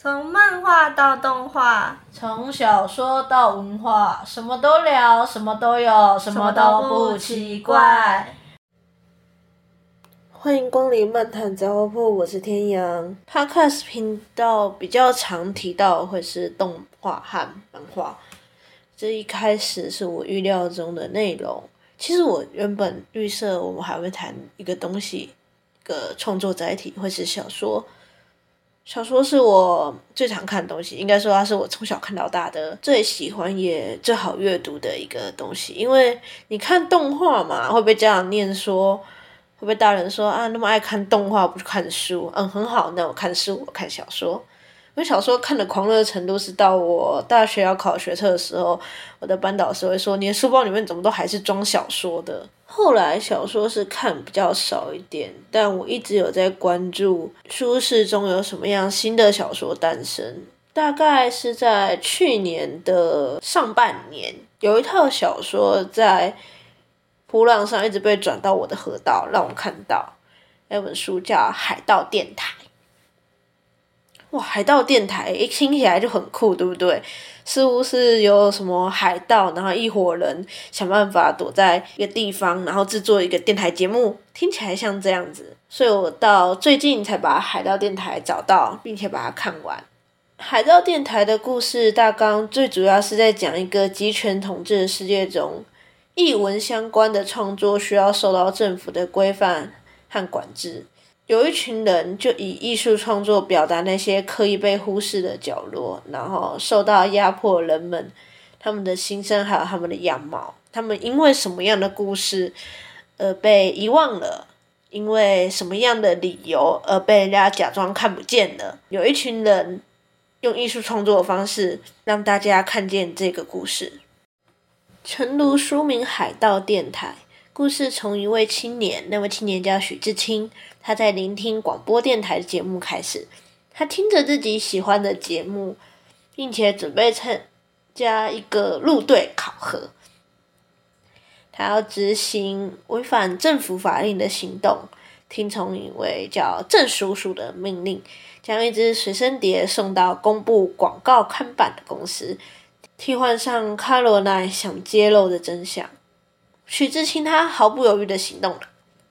從漫畫到動畫，從小說到文化，什麼都聊，什麼都有，什麼都不奇怪。奇怪，歡迎光臨漫談雜貨鋪，我是天陽。Podcast 頻道比較常提到會是動畫和漫畫，這一開始是我預料中的內容。其實我原本預設我們還會談一個東西，一個創作載體，或是小說。小說是我最常看的東西，應該說它是我從小看到大的最喜歡也最好閱讀的一個東西。因為你看動畫嘛，會被家長念說，會被大人說啊，那麼愛看動畫不去看書，嗯，很好，那我看書，我看小說。因為小說看的狂熱程度，是到我大學要考學測的時候，我的班導師會說：“你的書包裡面怎麼都還是裝小說的？”後來小說是看比較少一點，但我一直有在關注書市中有什麼樣新的小說誕生。大概是在去年的上半年，有一套小說在噗浪上一直被轉到我的河道，讓我看到那本書叫《海盜電台》。哇，海盜電台一聽起來就很酷，對不對？似乎是有什麼海盜，然後一夥人想辦法躲在一個地方，然後制作一個電台節目，聽起來像這樣子。所以我到最近才把《海盜電台》找到，並且把它看完。《海盜電台》的故事大綱最主要是在講一個極權統治的世界中，藝文相關的創作需要受到政府的規範和管制。有一群人就以藝術創作表達那些刻意被忽視的角落，然後受到壓迫人們，他們的心聲還有他們的樣貌，他們因為什麼樣的故事而被遺忘了？因為什麼樣的理由而被人家假裝看不見了。有一群人用藝術創作的方式讓大家看見這個故事。誠如書名海盜電臺。故事從一位青年，那位青年叫許至清，他在聆聽廣播電台的節目開始。他聽着自己喜歡的節目，並且準備參加一個入隊考核。他要執行違反政府法令的行動，聽從一位叫鄭叔叔的命令，將一支隨身碟送到公布廣告刊版的公司，替換上 Caroline 想揭露的真相。許至清他毫不猶豫的行動了，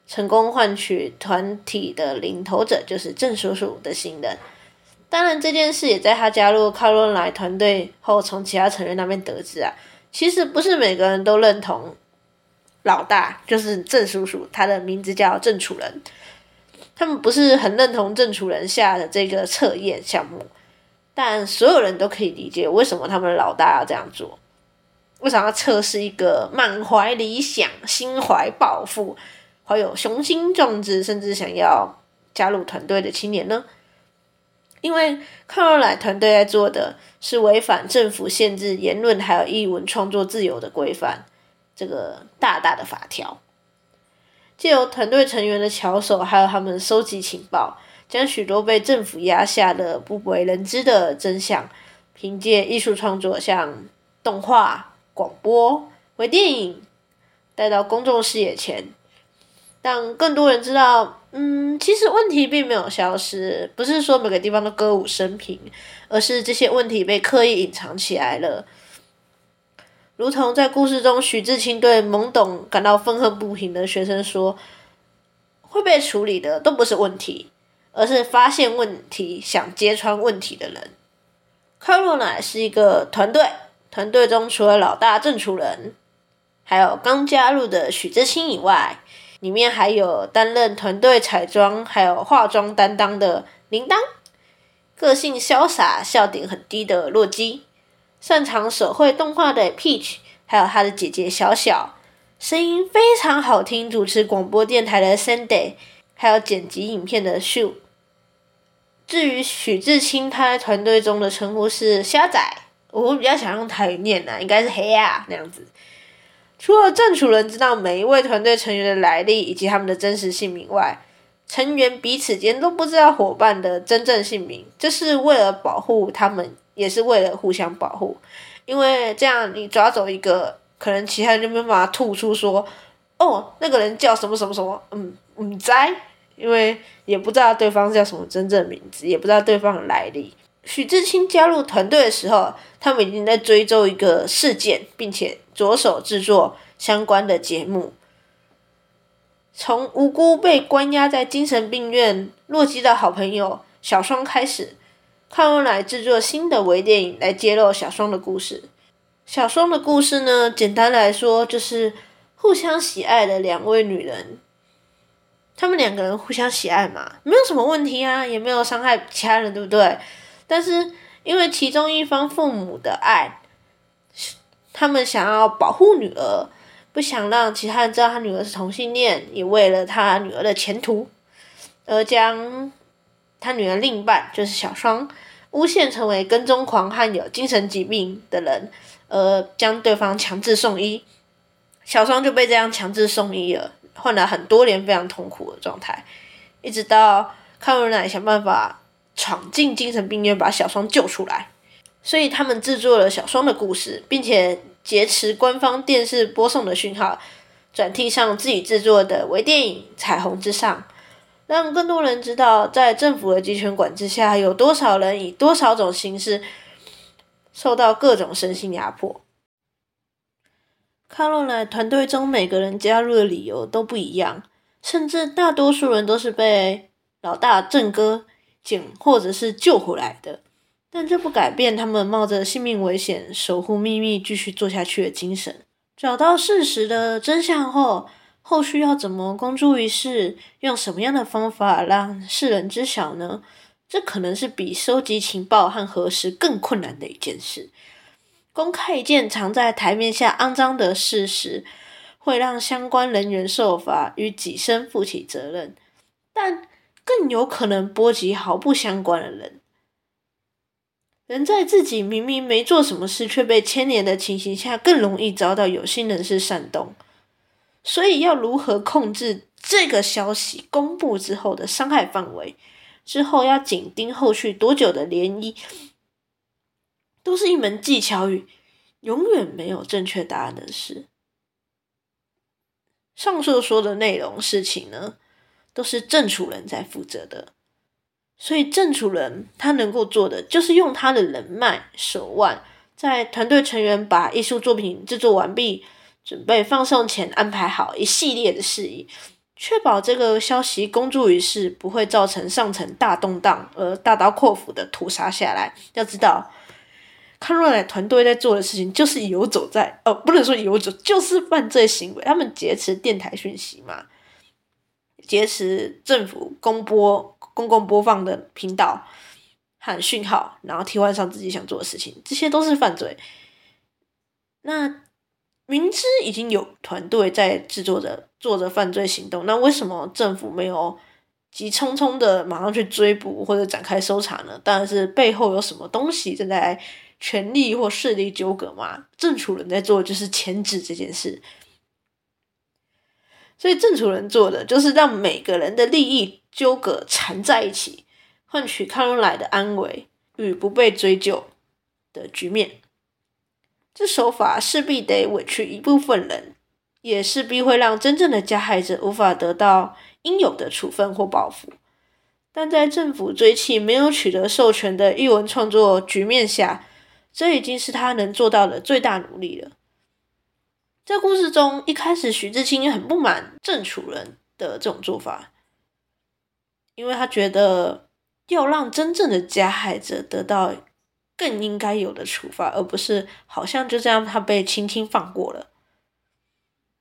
成功換取團體的領頭者就是鄭叔叔的信任。當然這件事也在他加入 Caroline 團隊後，從其他成員那邊得知啊。其實不是每個人都認同老大，就是鄭叔叔，他的名字叫鄭楚仁。他們不是很認同鄭楚仁下的這個測驗項目，但所有人都可以理解為什麼他們老大要這樣做。為啥要測試一個滿懷理想、心懷抱負、還有雄心壯志，甚至想要加入團隊的青年呢？因為 Caroline 團隊在做的是違反政府限制言論還有藝文創作自由的規範，這個大大的法條。藉由團隊成員的巧手，還有他們收集情報，將許多被政府壓下的不為人知的真相，憑借藝術創作像動畫。廣播、微電影帶到公眾視野前，讓更多人知道，嗯，其實問題並沒有消失，不是說每個地方都歌舞升平，而是這些問題被刻意隱藏起來了。如同在故事中，許至清對懵懂感到憤恨不平的學生說：“會被處理的都不是問題，而是發現問題、想揭穿問題的人。”Caroline 是一個團隊。團隊中除了老大鄭楚人，還有剛加入的許至清以外，裡面還有擔任團隊彩妝還有化妝擔當的鈴鐺，個性瀟灑笑點很低的洛基，擅長手繪動畫的 Peach，還有他的姐姐小小，聲音非常好聽，主持廣播電台的 Sunday，還有剪輯影片的 Shu。至於許至清他團隊中的稱呼是蝦仔。我比較想用台語念呢，啊，應該是黑啊那樣子。除了正主人知道每一位團隊成員的來歷以及他們的真實姓名外，成員彼此間都不知道夥伴的真正姓名，這，就是為了保護他們，也是為了互相保護。因為這樣，你抓走一個，可能其他人就沒辦法吐出說，哦，那個人叫什麼什麼什麼，嗯，嗯，在，因為也不知道對方叫什麼真正名字，也不知道對方的來歷。許至清加入團隊的時候，他們已經在追蹤一個事件，並且着手制作相關的節目。從無辜被關押在精神病院、洛基的好朋友小雙開始，看我來制作新的微電影來揭露小雙的故事。小雙的故事呢，簡單來說就是互相喜愛的兩位女人，他們兩個人互相喜愛嘛，沒有什麼問題啊，也沒有傷害其他人，對不對？但是，因為其中一方父母的愛，他們想要保護女兒，不想讓其他人知道他女兒是同性戀，也為了他女兒的前途，而將他女兒另一半，就是小雙，誣陷成為跟蹤狂和有精神疾病的人，而將對方強制送醫。小雙就被這樣強制送醫了，患了很多年非常痛苦的狀態，一直到康文奶想辦法。闖進精神病院把小雙救出來，所以他們制作了小雙的故事，並且劫持官方電視播送的訊號，轉替上自己制作的微電影《彩虹之上》，讓更多人知道，在政府的集權管制下，有多少人以多少種形式受到各種身心壓迫。Caroline 團隊中每個人加入的理由都不一樣，甚至大多數人都是被老大鄭哥。撿或者是救回來的，但這不改變他們冒着性命危險守護秘密、繼續做下去的精神。找到事實的真相後，後續要怎麼公諸於世，用什麼樣的方法讓世人知曉呢？這可能是比收集情報和核實更困難的一件事。公開一件藏在台面下骯髒的事實，會讓相關人員受罰與己身負起責任，但。更有可能波及毫不相關的人。人在自己明明沒做什麼事卻被牽連的情形下，更容易遭到有心人士煽動。所以，要如何控制這個消息公布之後的傷害範圍，之後要緊盯後續多久的漣漪，都是一門技巧與永遠沒有正確答案的事。上述說的內容事情呢，都是鄭楚人在負責的，所以鄭楚人他能夠做的就是用他的人脈手腕，在團隊成員把藝術作品制作完畢、準備放送前，安排好一系列的事宜，確保這個消息公諸於世不會造成上層大動盪而大刀闊斧的屠殺下來。要知道，康若乃團隊在做的事情就是遊走在……哦、呃，不能說遊走，就是犯罪行為。他們劫持電台訊息嘛。劫持政府公播、公共播放的頻道，喊訊號，然後替換上自己想做的事情，這些都是犯罪。那明知已經有團隊在製作着、做着犯罪行動，那為什麼政府沒有急匆匆的馬上去追捕或者展開搜查呢？當然是背後有什麼東西正在權力或勢力糾葛嘛。政府人在做，就是鉗制這件事。所以，鄭叔叔做的就是讓每個人的利益糾葛纏在一起，換取 Caroline 的安危與不被追究的局面。這手法勢必得委屈一部分人，也勢必會讓真正的加害者無法得到應有的處分或報復。但在政府追緝沒有取得授權的藝文創作局面下，這已經是他能做到的最大努力了。在故事中，一開始許至清很不滿鄭楚人的這種做法，因為他覺得要讓真正的加害者得到更應該有的處罰，而不是好像就這樣他被輕輕放過了。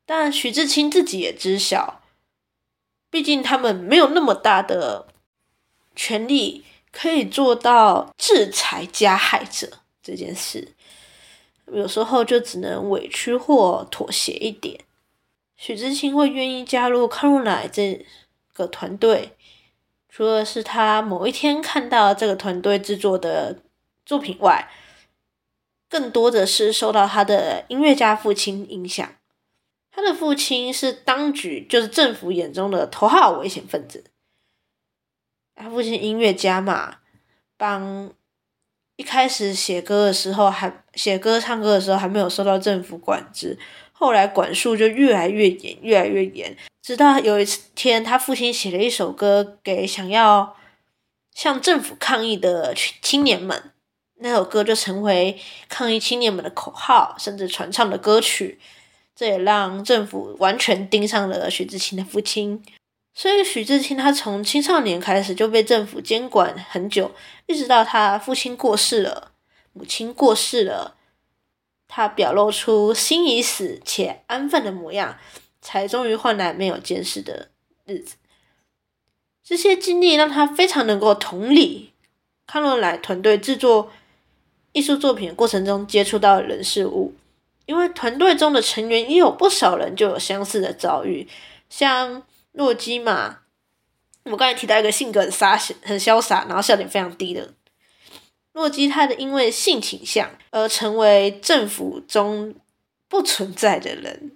但許至清自己也知曉，畢竟他們沒有那麼大的權力可以做到制裁加害者這件事。有時候就只能委屈或妥協一點，許至清會願意加入 Caroline 這個團隊，除了是他某一天看到這個團隊製作的作品外，更多的是受到他的音樂家父親影響。他的父親是當局，就是政府眼中的頭號危險分子。他父親音樂家嘛，幫。一開始寫歌的時候還，還寫歌、唱歌的時候還沒有受到政府管制，後來管束，就越來越嚴，越來越嚴。直到有一天，他父親寫了一首歌給想要向政府抗議的青年們，那首歌就成為抗議青年們的口號，甚至傳唱的歌曲。這也讓政府完全盯上了許至清的父親。所以，許至清他從青少年開始就被政府監管很久，一直到他父親過世了，母親過世了，他表露出心已死且安分的模樣，才終於換來沒有監視的日子。這些經歷讓他非常能夠同理 Caroline 團隊製作藝術作品的過程中接觸到的人事物，因為團隊中的成員也有不少人就有相似的遭遇，像。洛基嘛，我剛才提到一個性格很颯、很瀟灑，然後笑點非常低的洛基。他的因為性傾向而成為政府中不存在的人。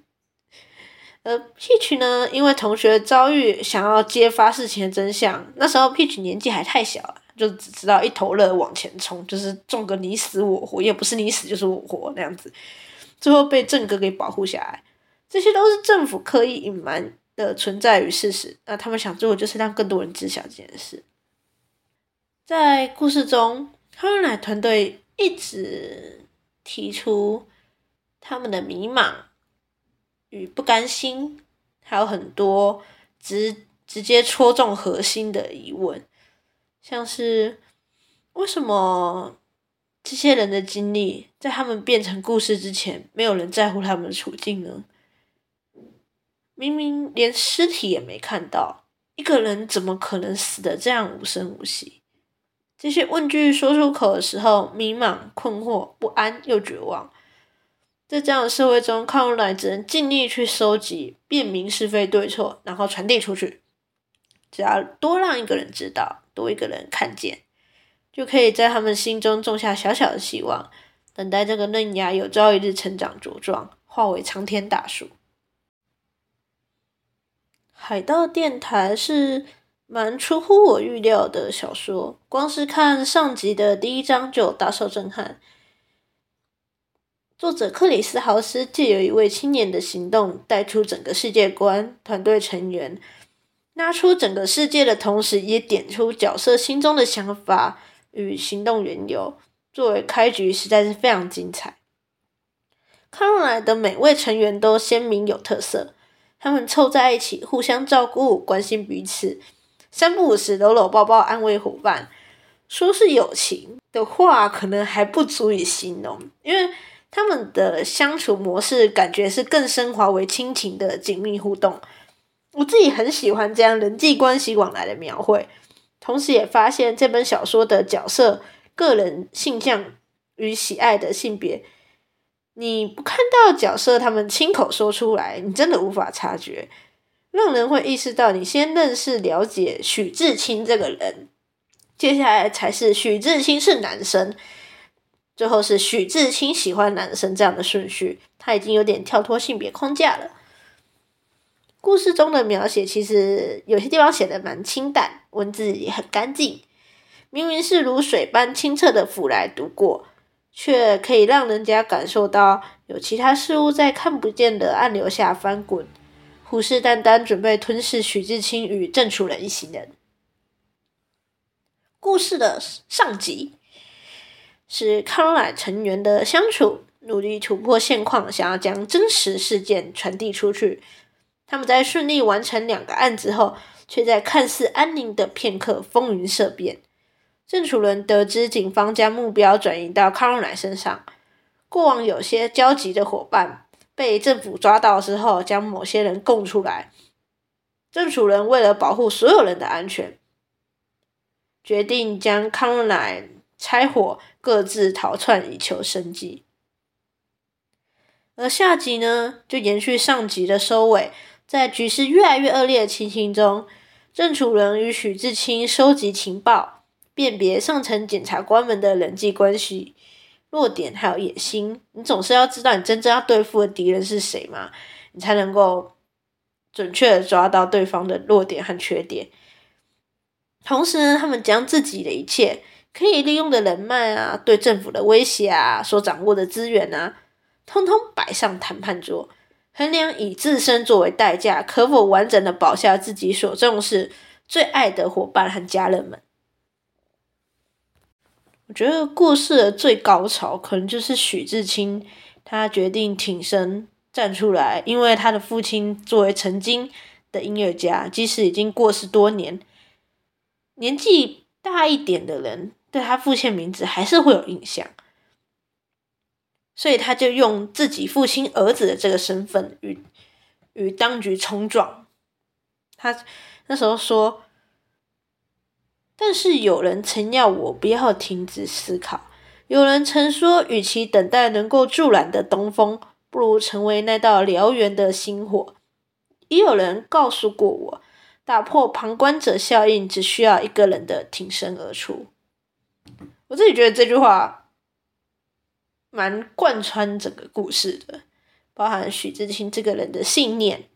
呃，Peach 呢，因為同學遭遇，想要揭發事情的真相。那時候 Peach 年紀還太小，就只知道一頭熱往前衝，就是中個你死我活，也不是你死就是我活那樣子。最後被鄭哥給保護下來，這些都是政府刻意隱瞞的存在與事實，那他們想做的就是讓更多人知曉這件事。在故事中，Caroline 團隊一直提出他們的迷茫與不甘心，還有很多直直接戳中核心的疑問，像是為什麼這些人的經歷在他們變成故事之前，沒有人在乎他們的處境呢？明明連屍體也沒看到，一個人怎麼可能死得這樣無聲無息？這些問句說出口的時候，迷茫、困惑、不安又絕望。在這樣的社會中，Caroline 只能盡力去收集、辨明是非對錯，然後傳遞出去。只要多讓一個人知道，多一個人看見，就可以在他們心中種下小小的希望，等待這個嫩芽有朝一日成長茁壯，化為參天大樹。《海盜電台》是蠻出乎我預料的小說，光是看上集的第一章就有大受震撼。作者克里斯豪斯借由一位青年的行動帶出整個世界觀，團隊成員拿出整個世界的同時，也點出角色心中的想法與行動緣由，作為開局實在是非常精彩。Caroline 的每位成員都鮮明有特色。他們湊在一起，互相照顧、關心彼此，三不五時摟摟抱抱，安慰夥伴。說是友情的話，可能還不足以形容，因為他們的相處模式感覺是更升華為親情的緊密互動。我自己很喜歡這樣人際關係往來的描繪，同時也發現這本小說的角色，個人性向與喜愛的性別。你不看到角色他們親口說出來，你真的無法察覺。讓人會意識到，你先認識了解許至清這個人，接下來才是許至清是男生，最後是許至清喜歡男生這樣的順序。他已經有點跳脫性別框架了。故事中的描寫其實有些地方寫的蠻清淡，文字也很乾淨，明明是如水般清澈的腐來讀過。卻可以讓人家感受到有其他事物在看不見的暗流下翻滾，虎視眈眈，準備吞噬許至清與鄭楚人一行人。故事的上集是 Caroline 成員的相處，努力突破現況，想要將真實事件傳遞出去。他們在順利完成兩個案子後，卻在看似安寧的片刻風雲色變。鄭楚倫得知警方將目標轉移到 Caroline 身上，過往有些交集的夥伴被政府抓到之後，將某些人供出來。鄭楚倫為了保護所有人的安全，決定將 Caroline 拆夥，各自逃竄以求生機。而下集呢，就延續上集的收尾，在局勢越來越惡劣的情形中，鄭楚倫與許至清收集情報。辨別上層檢察官們的人際關係弱點，還有野心。你總是要知道你真正要對付的敵人是誰嘛？你才能夠準確的抓到對方的弱點和缺點。同時呢，他們將自己的一切可以利用的人脈啊，對政府的威脅啊，所掌握的資源啊，通通擺上談判桌，衡量以自身作為代價，可否完整的保下自己所重視、最愛的夥伴和家人們。我覺得故事的最高潮可能就是許至清他決定挺身站出來，因為他的父親作為曾經的音樂家，即使已經過世多年，年紀大一點的人對他父親名字還是會有印象，所以他就用自己父親兒子的這個身份與與當局衝撞，他那時候說。但是有人曾要我不要停止思考，有人曾說，與其等待能夠助燃的東風，不如成為那道燎原的星火。也有人告訴過我，打破旁觀者效應只需要一個人的挺身而出。我自己覺得這句話蠻貫穿整個故事的，包含許至清這個人的信念。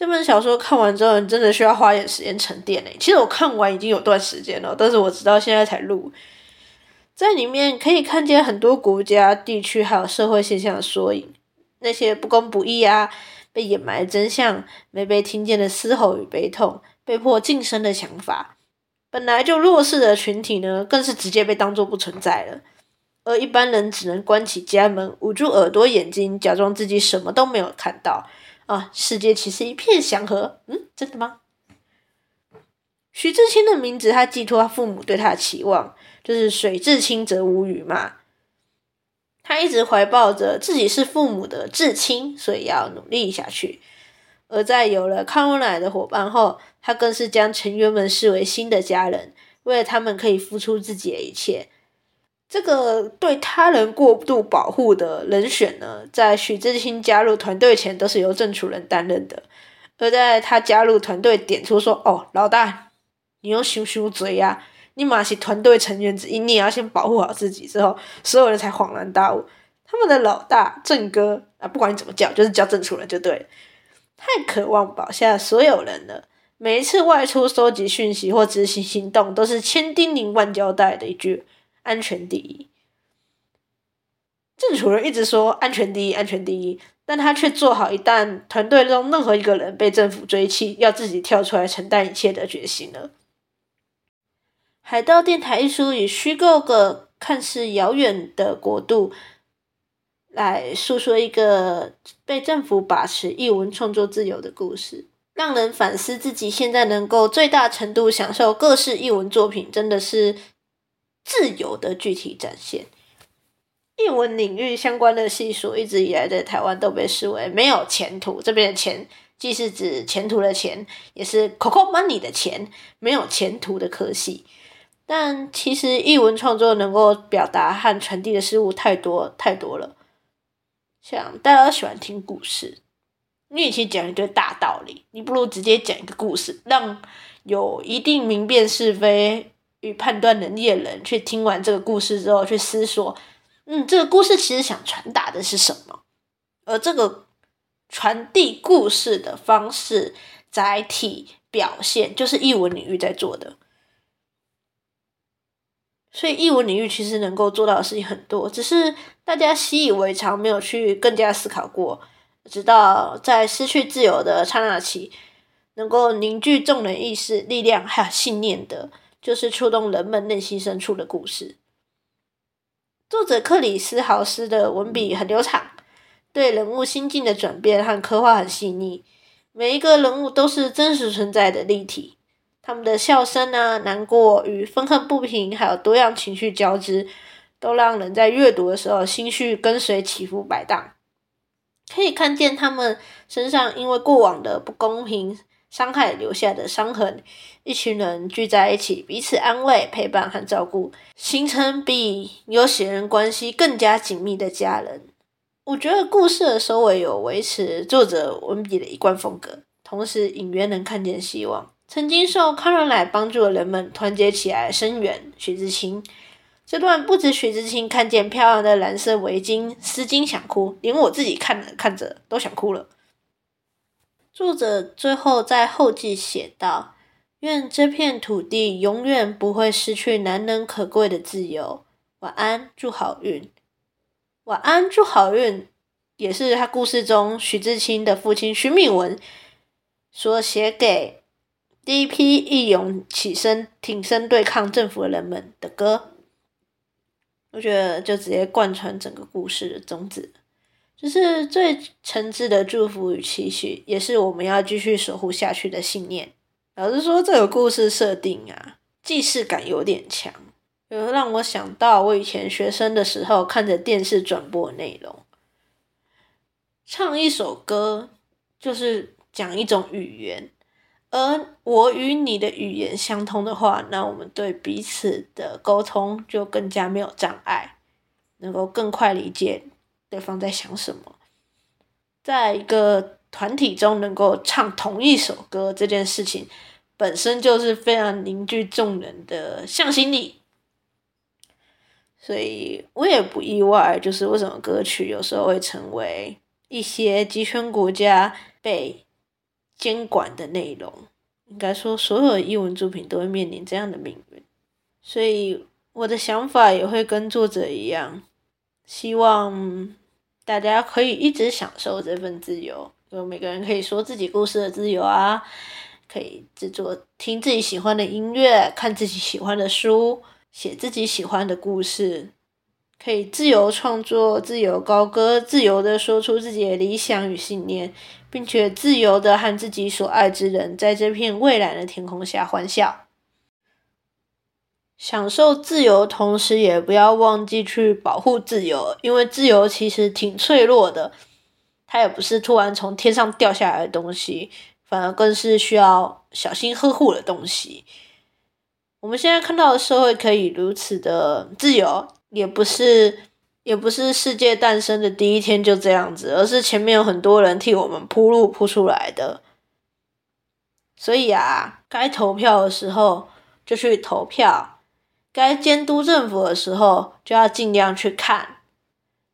這本小說看完之後，你真的需要花點時間沉澱耶。其實我看完已經有段時間了，但是我直到現在才錄。在裡面可以看見很多國家、地區還有社會現象的縮影，那些不公不義啊，被掩埋真相、沒被聽見的嘶吼與悲痛，被迫噤聲的想法，本來就弱勢的群體呢，更是直接被當作不存在了。而一般人只能關起家門，捂住耳朵、眼睛，假裝自己什麼都沒有看到。啊、哦，世界其實一片祥和，嗯，真的嗎？許至清的名字，他寄託他父母對他的期望，就是水至清則無魚嘛。他一直懷抱着自己是父母的至親，所以要努力下去。而在有了 Caroline 的夥伴後，他更是將成員們視為新的家人，為了他們可以付出自己的一切。這個對他人過度保護的人選呢，在許至清加入團隊前都是由鄭楚人擔任的。而在他加入團隊，點出說：“哦，老大，你用熊熊嘴呀，你嘛是團隊成員之一，你也要先保護好自己。”之後，所有人才恍然大悟，他們的老大鄭哥啊，不管你怎麼叫，就是叫鄭楚人就對。太渴望保下所有人了，每一次外出收集訊息或執行行動，都是千叮嚀萬交代的一句。安全第一。政府人一直說安全第一，安全第一，但他卻做好一旦團隊中任何一個人被政府追緝，要自己跳出來承擔一切的決心了。《海盜電台》一書以虛構個看似遙遠的國度，來訴說一個被政府把持藝文創作自由的故事，讓人反思自己現在能夠最大程度享受各式藝文作品，真的是。自由的具體展現，藝文領域相關的科系一直以來在台灣都被視為沒有前途。這邊的錢既是指前途的錢，也是 coco money 的錢，沒有前途的科系。但其實藝文創作能夠表達和傳遞的事物太多太多了，像大家都喜歡聽故事，你與其講一堆大道理，你不如直接講一個故事，讓有一定明辨是非與判斷能力的人去聽完這個故事之後，去思索，嗯，這個故事其實想傳達的是什麼？而這個傳遞故事的方式、載體、表現，就是藝文領域在做的。所以，藝文領域其實能夠做到的事情很多，只是大家習以為常，沒有去更加思考過。直到在失去自由的剎那起，能夠凝聚眾人意識、力量還有信念的。就是觸動人們內心深處的故事。作者克里斯豪斯的文筆很流暢，對人物心境的轉變和刻畫很細膩，每一個人物都是真實存在的立體。他們的笑聲啊、難過與憤恨不平，還有多樣情緒交織，都讓人在閱讀的時候心緒跟隨起伏擺盪。可以看見他們身上因為過往的不公平。傷害留下的傷痕，一群人聚在一起，彼此安慰、陪伴和照顧，形成比有血緣關係更加緊密的家人。我覺得故事的收尾有維持作者文筆的一貫風格，同時隱約能看見希望。曾經受 Caroline 幫助的人們團結起來聲援許至清，這段不止許至清看見漂亮的藍色圍巾、絲巾想哭，連我自己看着看着都想哭了。作者最後在後記寫道：“願這片土地永遠不會失去難能可貴的自由。”晚安，祝好運。晚安，祝好運，也是他故事中許至清的父親許敏文所寫給第一批義勇起身挺身對抗政府的人們的歌。我覺得就直接貫穿整個故事的宗旨。就是最誠摯的祝福與期許，也是我們要繼續守護下去的信念。老實說，這個故事設定啊，既視感有點強，有讓我想到我以前學生的時候，看着電視轉播的內容，唱一首歌就是講一種語言，而我與你的語言相通的話，那我們對彼此的溝通就更加沒有障礙，能夠更快理解。對方在想什麼？在一個團體中能夠唱同一首歌，這件事情本身就是非常凝聚眾人的向心力。所以我也不意外，就是為什麼歌曲有時候會成為一些極權國家被監管的內容。應該說，所有的藝文作品都會面臨這樣的命運。所以我的想法也會跟作者一樣，希望，大家可以一直享受這份自由，有每個人可以說自己故事的自由啊，可以製作、聽自己喜歡的音樂、看自己喜歡的書、寫自己喜歡的故事，可以自由創作、自由高歌、自由的說出自己的理想與信念，並且自由的和自己所愛之人在這片蔚藍的天空下歡笑。享受自由的同時，也不要忘記去保護自由，因為自由其實挺脆弱的，它也不是突然從天上掉下來的東西，反而更是需要小心呵護的東西。我們現在看到的社會可以如此的自由，也不是，也不是世界誕生的第一天就這樣子，而是前面有很多人替我們鋪路鋪出來的。所以啊，該投票的時候就去投票。該監督政府的時候，就要盡量去看；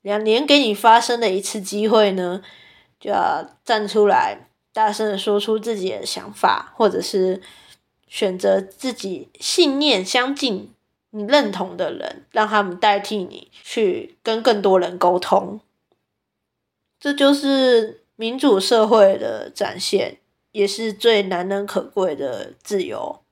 兩年給你發聲的一次機會呢，就要站出來，大聲的說出自己的想法，或者是選擇自己信念相近、你認同的人，讓他們代替你去跟更多人溝通。這就是民主社會的展現，也是最難能可貴的自由。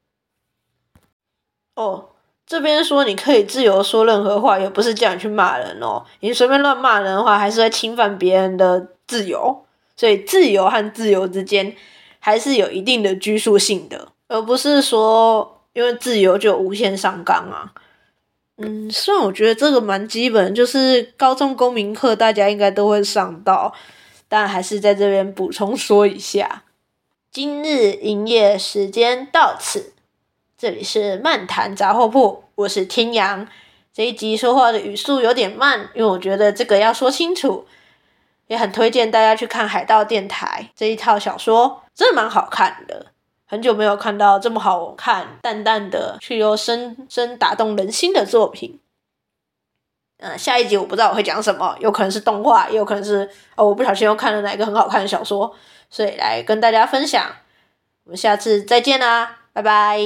哦。這邊說，你可以自由說任何話，也不是叫你去罵人哦。你隨便亂罵人的話，還是會侵犯別人的自由。所以自由和自由之間還是有一定的拘束性的，而不是說因為自由就無限上綱啊。嗯，雖然我覺得這個蠻基本，就是高中公民課大家應該都會上到，但還是在這邊補充說一下，今日營業時間到此。這裡是漫談雜貨鋪，我是天陽。這一集說話的語速有點慢，因為我覺得這個要說清楚，也很推薦大家去看《海盜電臺》這一套小說，真的蠻好看的。很久沒有看到這麼好看、淡淡的卻又深深打動人心的作品。嗯、呃，下一集我不知道我會講什麼，有可能是動畫，也有可能是……哦，我不小心又看了哪個很好看的小說，所以來跟大家分享。我們下次再見啦，拜拜。